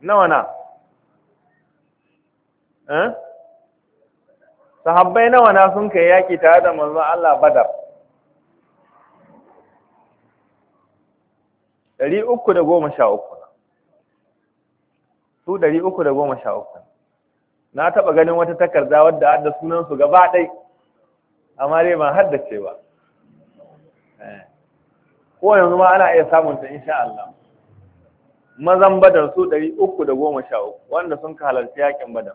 nawa na Eh? sahabbai nawa na sun kai yaki tare da manzon Allah badar ɗari uku da goma sha uku su ɗari uku da goma sha uku na taɓa ganin wata takarda wadda adda sunansu gaba ɗai amma dai ban haddace ba eh. ko yanzu ma ana iya samun ta insha Allah mazan badar su ɗari uku da goma sha uku wanda sun ka halarci yakin badar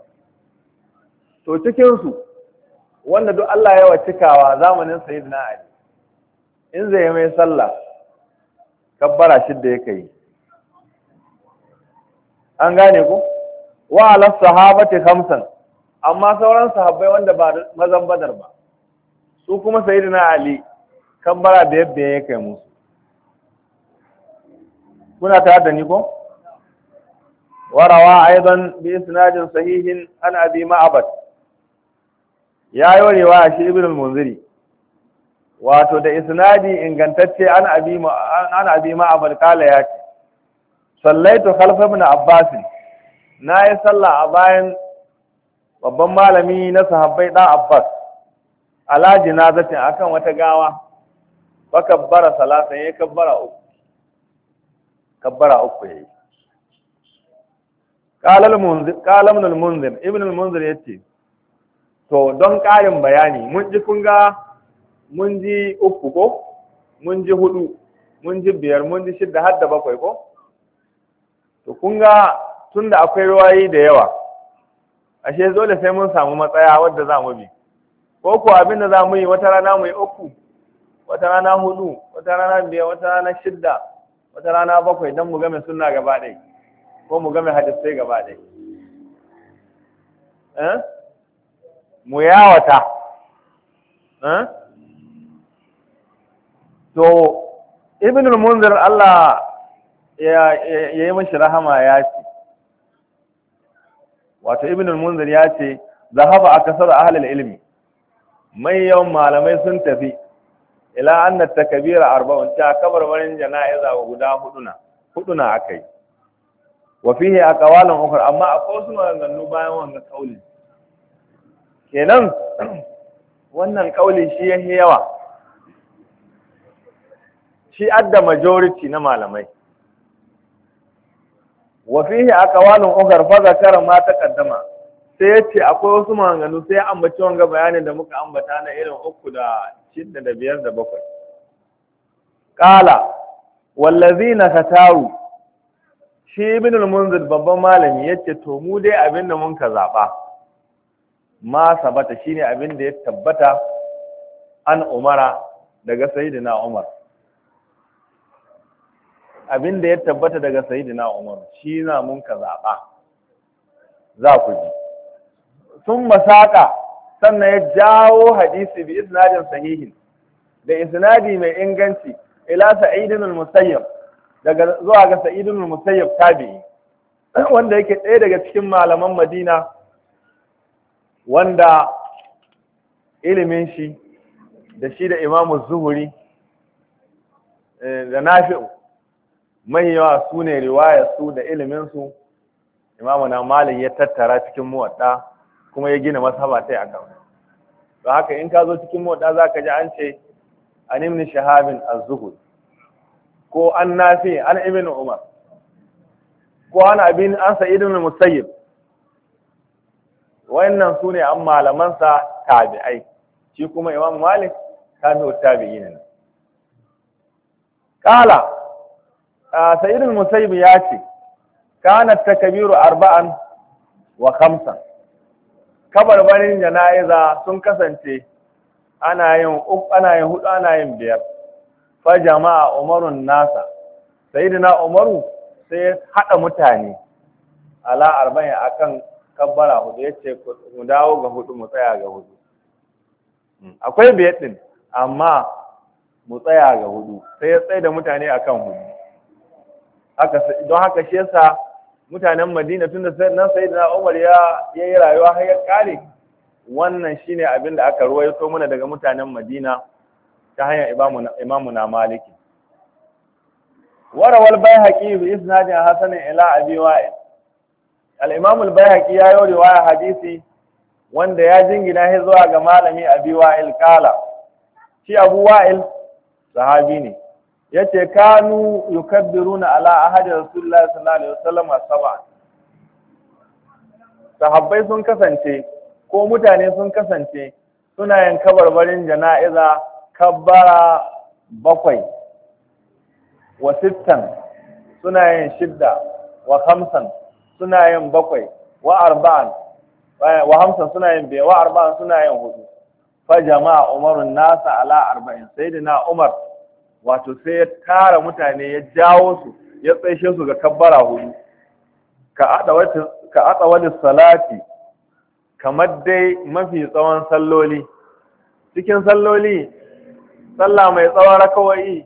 to cikinsu wanda duk Allah ya wa cikawa zamanin sayyidina Ali in zai mai sallah kabbara shidda yake yi an gane ku wa ala sahabati khamsan amma sauran sahabbai wanda ba mazan badar ba su kuma sayyidina Ali kabbara da yadda ya kai musu kuna tare da ni ko وروى أيضا بإسناد صحيح عن أبي معبد ya yi warewa a shi ibn munziri wato da isnadi ingantacce an abi an abi ma abul qala ya ce sallaitu khalfa ibn abbas na yi sallah a bayan babban malami na sahabbai da abbas ala jinazatin akan wata gawa fa kabbara salatan ya kabbara uku kabbara uku yi qala al-munzir qala ibn al-munzir ibn al-munzir yace to don ƙarin bayani mun ji kun ga mun ji uku ko mun ji hudu mun ji biyar mun ji shidda har da bakwai ko to kun ga tun da akwai ruwayi da yawa ashe dole sai mun samu matsaya wadda za mu bi ko ku abin da za mu yi wata rana mu yi uku wata rana hudu wata rana biyar wata rana shidda wata rana bakwai don mu game suna gaba ɗaya ko mu game hadisai gaba ɗaya eh? mu yawata to ibn munzir Allah ya yi mashi rahama ya ce wato ibn munzir ya ce zahaba akasar ahlul ilmi mai yawan malamai sun tafi ila anna takabira arba'un ta wani jana'iza guda huduna huduna akai wa fihi aqwalun ukhra amma akwai wasu maganganu bayan wannan kaulin kenan wannan kauli shi yahi yawa shi adda majority na malamai wa fihi aqwalun ukhra fa zakara ma taqaddama sai yace akwai wasu maganganu sai ambaci wanga bayanin da muka ambata na irin uku da shidda da biyar da bakwai qala wallazina kataru shi ibn al-munzir babban malami yace to mu dai abinda mun ka zaba ma sabata shine abin da ya tabbata an umara daga sayyidina umar abin da ya tabbata daga sayyidina umar shi na mun ka zaɓa za ku ji sun masaka sannan ya jawo hadisi bi isnadin sahihin da isnadi mai inganci ila sa'idin al-musayyab daga zuwa ga sa'idin al-musayyab tabi'i wanda yake ɗaya daga cikin malaman madina wanda ilimin shi da shi da imamu zuhuri eh, da nafi'u mai yawa su ne riwaya su da iliminsu imamu na malin ya tattara cikin muwadda kuma ya gina masaba ta wani. to haka in ka zo cikin muwadda za ka ji an ce an ibn shahabin Azuhur. ko an nafi an ibn umar ko an abin an sa'id ibn musayyib Wannan su ne an malamansa tabi'ai shi kuma imam malik tabi'u tabi'ina ne kala sayyidul musayyib ya ce kana takbiru arba'an wa khamsan barin jana'iza sun kasance ana yin uku ana yin hudu ana yin biyar fa jama'a umarun nasa sayyidina umaru sai ya hada mutane ala arba'in akan kabbara hudu ya ce mu dawo ga hudu mu tsaya ga hudu hmm. akwai biyar din amma mu tsaya ga hudu sai ya tsaye da mutane akan hudu don haka shi yasa mutanen madina tun da nan sai da umar ya yi rayuwa har ya kare wannan shine abin da aka ruwa ruwaito mana daga mutanen madina ta hanyar imamu na maliki warawal bai haƙi bi isnadin hasanin ila abi wa'il al-imam al-bayhaqi ya yi riwaya hadisi wanda ya jingina shi zuwa ga malami abi wa'il qala shi abu wa'il sahabi ne yace kanu yukabbiruna ala ahadi rasulullahi sallallahu alaihi wasallam sab'an sahabbai sun kasance ko mutane sun kasance suna yin kabarbarin jana'iza kabbara bakwai wa sittan suna yin shidda wa khamsan suna yin bakwai wa arba'an eh, wa hamsa suna yin biyar wa arba'an suna yin hudu fa jama'a umarun nasa ala arba'in sai da na umar wato sai ya tara mutane ya jawo su ya tsaishe su ga kabbara hudu ka aɗa wani salati kamar dai mafi tsawon salloli cikin salloli sallah mai tsawon rakawai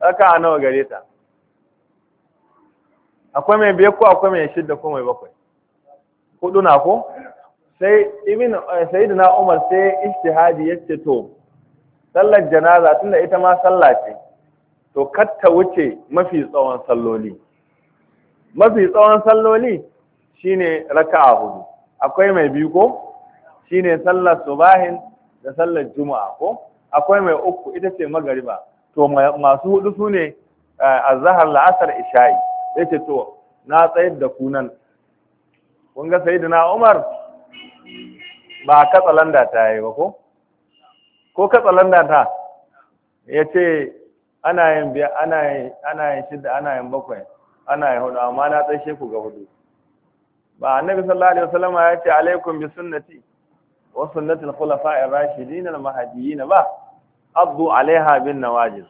tsaka a nawa gare ta akwai mai biyar ko akwai mai shidda ko mai bakwai hudu na ko sai ibn eh, na umar sai ijtihadi yace to sallar janaza tunda ita ma sallah ce to katta wuce mafi tsawon salloli mafi tsawon salloli shine raka'a hudu akwai mai biyu ko shine sallar subahin da sallar juma'a ko akwai mai uku ita ce magariba to masu hudu sune eh, azhar la'asar isha'i ya ce to na tsayar da ku nan kun ga na Umar ba katsalanda ta yi ba ko ko katsalanda ta ya ce ana yin biya ana yin ana yin shida ana yin bakwai ana yin hudu amma na tsaye ku ga hudu ba annabi sallallahu alaihi wasallam ya ce alaikum bi sunnati wa sunnatil ar rashidin al mahdiyyin ba abdu alaiha bin nawajiz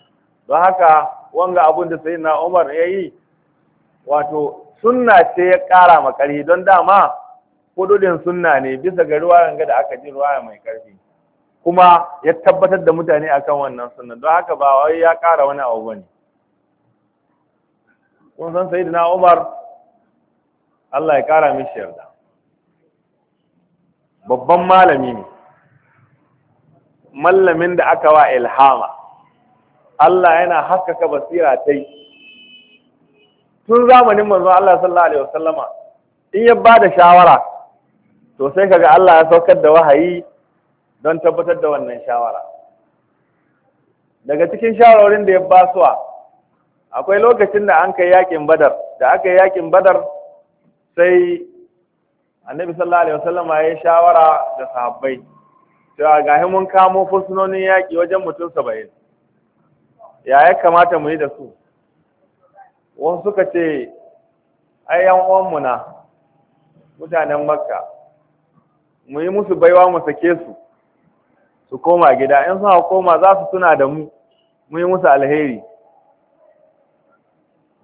don haka wanga abun da sayyidina Umar yayi wato sunna ce ya ƙara ma ƙari don dama hududin sunna ne bisa ga ruwayan ga da aka ji ruwaya mai ƙarfi kuma ya tabbatar da mutane akan wannan sunna don haka ba wai ya ƙara wani abu ba ne kun san na, Umar Allah ya ƙara mishi yarda babban malami ne mallamin da aka wa ilhama Allah yana haskaka basira ta tun zamanin manzon Allah sallallahu alaihi wasallama in ya bada shawara to sai kaga Allah ya saukar da wahayi don tabbatar da wannan shawara daga cikin shawarorin da ya ba suwa akwai lokacin da an kai yakin badar da aka yi yakin badar sai annabi sallallahu alaihi wasallama ya shawara da sahabbai cewa gahi mun kamo fursunonin yaƙi wajen mutum saba'in ya ya kamata mu yi da su wasu suka ce ai yan uwanmu na mutanen makka mu yi musu baiwa mu sake su su koma gida in suna koma za su tuna da mu mu yi musu alheri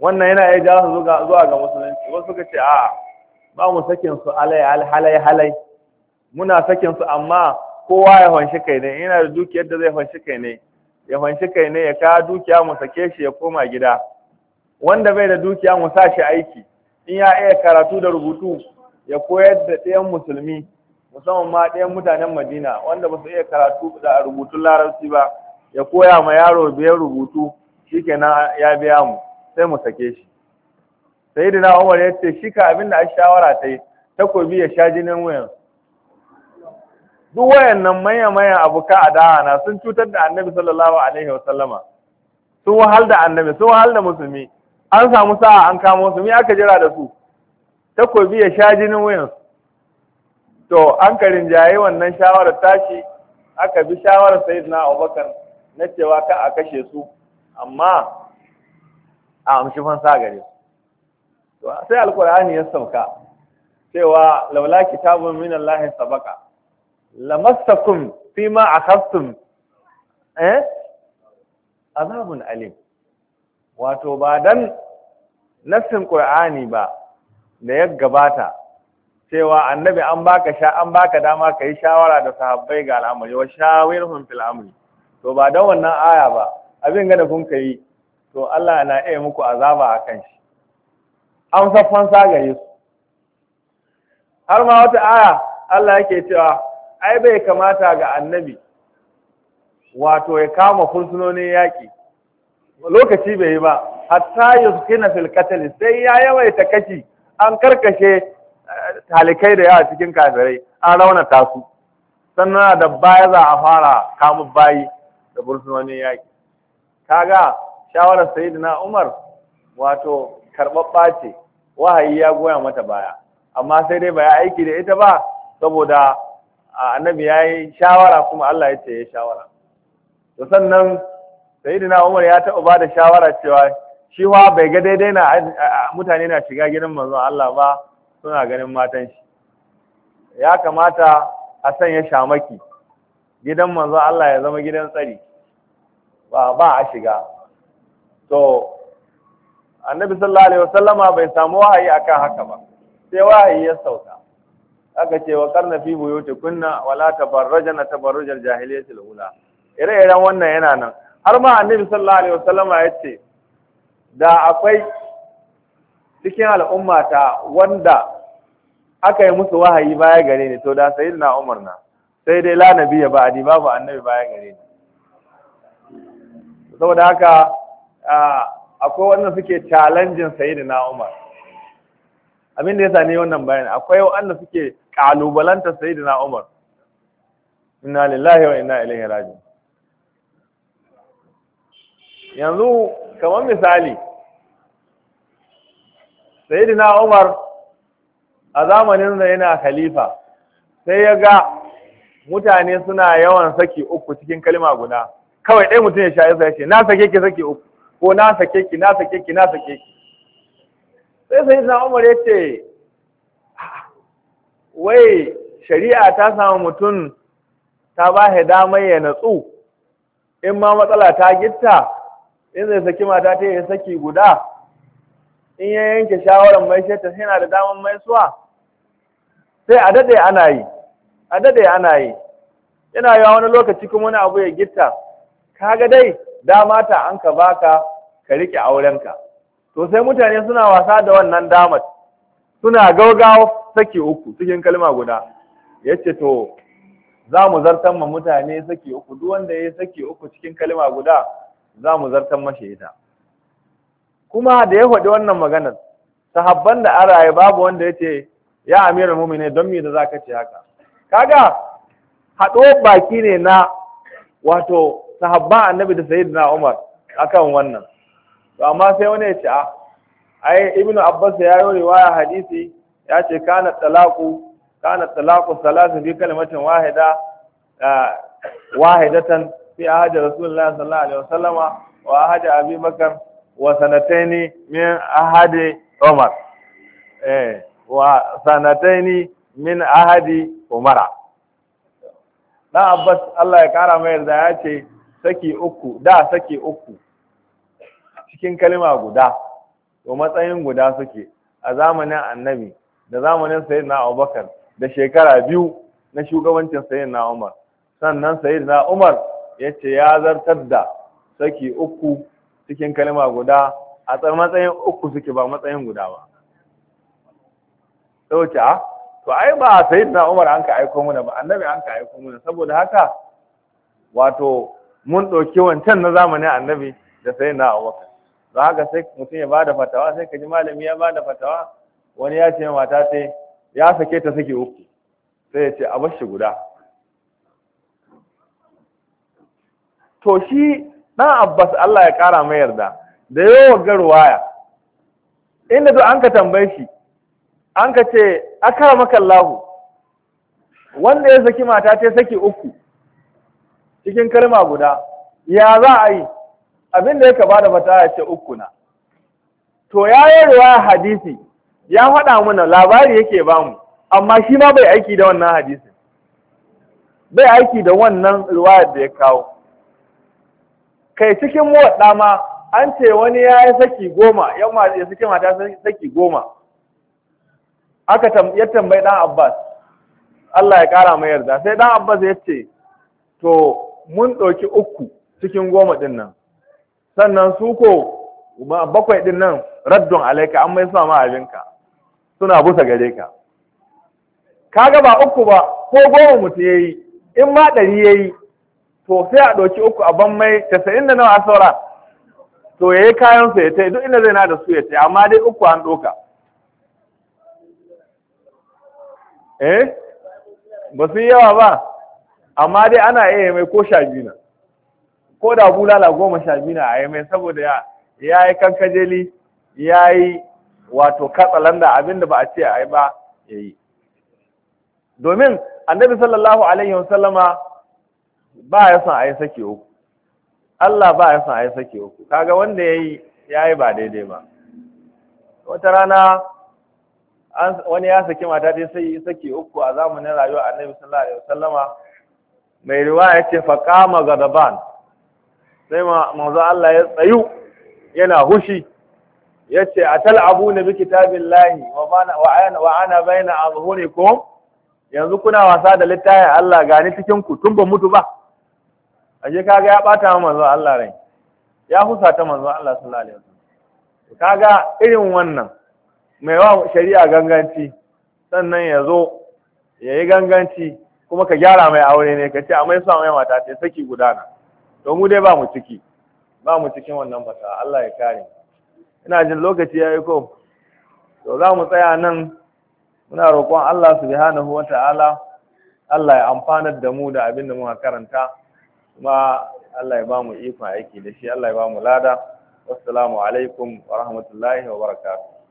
wannan yana iya jawo su zuwa ga musulunci wasu suka ce a ba mu sakin su alai halai halai muna sakin su amma kowa ya hanshi kai ne yana da dukiyar da zai hanshi kai ne ya hanshi kai ne ya kawo dukiya mu sake shi ya koma gida wanda bai da dukiya mu sa shi aiki in ya iya karatu da rubutu ya koyar da ɗayan musulmi musamman ma ɗayan mutanen madina wanda ba su iya karatu da rubutun larabci ba ya koya ma yaro biyar rubutu shikenan ya biya mu sai mu sake shi sai da umar ya ce shi ka abin da a shawara ta yi takobi ya sha jinin wayan duk wayan nan manya manyan abuka a dahana sun cutar da annabi sallallahu alaihi wasallama sun wahal da annabi sun wahal da musulmi an samu sa'a an kamo su mi aka jira da su takobi ya sha jinin wuyan to an ka rinjaye wannan shawarar tashi aka bi shawarar sayyidina Abubakar na cewa ka a kashe su amma a amshi fansa gare su sai alkur'ani ya sauka cewa laula kitabun min Allah sabaka lamassakum fima akhadtum eh azabun alim wato ba dan nassin qur'ani ba da ya gabata cewa annabi an baka sha an baka dama kai shawara da sahabbai ga al'amari wa shawirhum fil amri to ba dan wannan aya ba abin ga da kun kai to Allah na iya muku azaba a kan shi an saffan sagaye su har ma wata aya Allah yake cewa ai bai kamata ga annabi wato ya kama fursunonin yaƙi lokaci bai yi ba hatta yuskina fil katali sai ya yawaita kashi an karkashe eh, talikai da yawa cikin kafirai an rauna tasu. sannan da baya za a fara kamun bayi da bursunonin yaki kaga shawarar sayyidina Umar wato karɓaɓɓa ce wahayi ya goya mata baya amma sai dai ba ya aiki da ita ba saboda eh, annabi ya yi shawara kuma Allah ya ce ya shawara to sannan sayyidina Umar ya taɓa ba da shawara cewa shi wa bai ga daidai na mutane na shiga gidan manzon Allah ba suna ganin matan shi ya kamata a sanya shamaki gidan manzon Allah ya zama gidan tsari ba ba a shiga to annabi sallallahu alaihi wasallama bai samu wahayi akan haka ba sai wahayi ya sauka aka ce wa karna fi kunna, wala tabarrajana tabarrujal jahiliyatil ula ire-iren wannan yana nan har ma annabi sallallahu alaihi wasallama ya ce da akwai cikin al'ummata wanda aka yi musu wahayi baya gare ni to da sayyidina na umar na sai dai la nabiya ba adi babu annabi baya gare ni saboda haka akwai wanda suke challenging sayyidina umar abin da yasa ne wannan bayani akwai wanda suke kalubalanta sayyidina umar inna lillahi wa inna ilaihi raji'un yanzu kamar misali sayyidina umar a zamanin da yana khalifa sai ya ga mutane suna yawan saki uku cikin kalma guda kawai ɗaya mutum ya sha ya ce na sake ki saki uku ko na sake ki na sake ki na sake ki sai na umar ya ce wai shari'a ta samu mutum ta ba damar ya natsu in ma matsala ta gitta in zai saki mata ta yi saki guda in ya yanke shawarar mai sai yana da damar mai suwa sai a daɗe ana yi a daɗe ana yi yana yawa wani lokaci kuma wani abu ya gitta kaga dai dama ta an ka baka ka riƙe aurenka to sai mutane suna wasa da wannan damar suna gaugawa saki uku cikin kalma guda Ya ce to za mu zartan ma mutane saki uku duk wanda ya saki uku cikin kalma guda za mu zartar mashi ita kuma da ya faɗi wannan maganar sahabban da an raye babu wanda ya ce ya amiral ne, don me da za ka ce haka kaga haɗo baki ne na wato sahabban annabi da na umar akan wannan to amma sai wani ya ce a ah, ai ibnu abbas ya yi riwaya hadisi ya ce kana talaku kana talaku salasu bi kalmatin wahida ah, wahidatan في عهد رسول الله صلى الله عليه وسلم وعهد أبي بكر وسنتين من عهد عمر وسنتين من عهد عمر لا abbas Allah ya يرضى mai yarda ya ce saki uku da sake uku cikin kalima guda to matsayin guda suke a zamanin annabi da zamanin sayyidina abubakar da shekara biyu na shugabancin sayyidina umar sannan sayyidina umar ya ce ya zartar da saki uku cikin kalma guda a matsayin uku suke ba matsayin guda ba sauce a to ai ba sayi na umar an ka aiko muna ba annabi an ka aiko muna saboda haka wato mun ɗauki wancan na zamanin annabi da sayi na umar don haka sai mutum ya bada fatawa sai ka ji malami ya da fatawa wani ya ce mata sai ya sake ta sake uku sai ya ce a bashi guda to shi ɗan abbas Allah ya ƙara mai yarda da yawa garuwaya inda to an ka tambaye shi an ka ce akara lahu. wanda ya saki mata ta saki uku cikin kalma guda ya za a yi abin da yake bada fata ya ce uku na to ya yi hadisi ya faɗa mana labari yake bamu amma shi ma bai aiki da wannan hadisi bai aiki da wannan ruwayar da ya kawo kai cikin muwaɗa ma an ce wani ya yi saki goma yan ma ya suke mata saki goma aka ya tambayi dan Abbas Allah ya kara mai yarda sai dan Abbas ya ce to mun ɗauki uku cikin goma ɗin nan sannan su ko bakwai ɗin nan raddon alaika an mai sama abinka suna busa gare ka kaga ba uku ba ko goma mutu yi. in ma ɗari yi. to sai a ɗauki uku a ban mai casa'in da nawa saura to ya yi su ya ta duk inda zai na da su ya ta amma dai uku an ɗoka eh ba su yi yawa ba amma dai ana iya mai ko sha biyu na ko da bulala goma sha biyu na a yi mai saboda ya ya yi kankajeli ya yi wato katsalanda abinda ba a ce a yi ba ya yi domin annabi sallallahu alaihi wasallama ba ya son a yi sake uku Allah ba ya son a yi sake uku kaga wanda ya yi ya yi ba daidai ba wata rana wani ya saki mata ta sai sake uku a zamanin rayuwa annabi sallallahu alaihi wasallama mai riwaya ce kama gadaban sai manzo Allah ya tsayu yana hushi yace a bi kitabillahi wa ana wa ana baina azhurikum yanzu kuna wasa da littafin Allah gani cikin ku tun ba mutu ba ashe kaga ya bata ma manzo Allah rai ya husata manzo Allah sallallahu alaihi wasallam kaga irin wannan mai wa shari'a ganganci sannan ya zo ya yi ganganci kuma ka gyara mai aure ne ka ce a mai sa mai mata ta saki gudana to mu dai ba mu ciki ba mu cikin wannan fata Allah ya kare ina jin lokaci yayi ko to za mu tsaya nan muna roƙon Allah subhanahu Ta'ala, Allah ya amfana da mu da abin da muka karanta kuma Allah ya ba mu ikon aiki da shi Allah ya ba mu lada wassalamu alaikum wa rahmatullahi wa barakatuh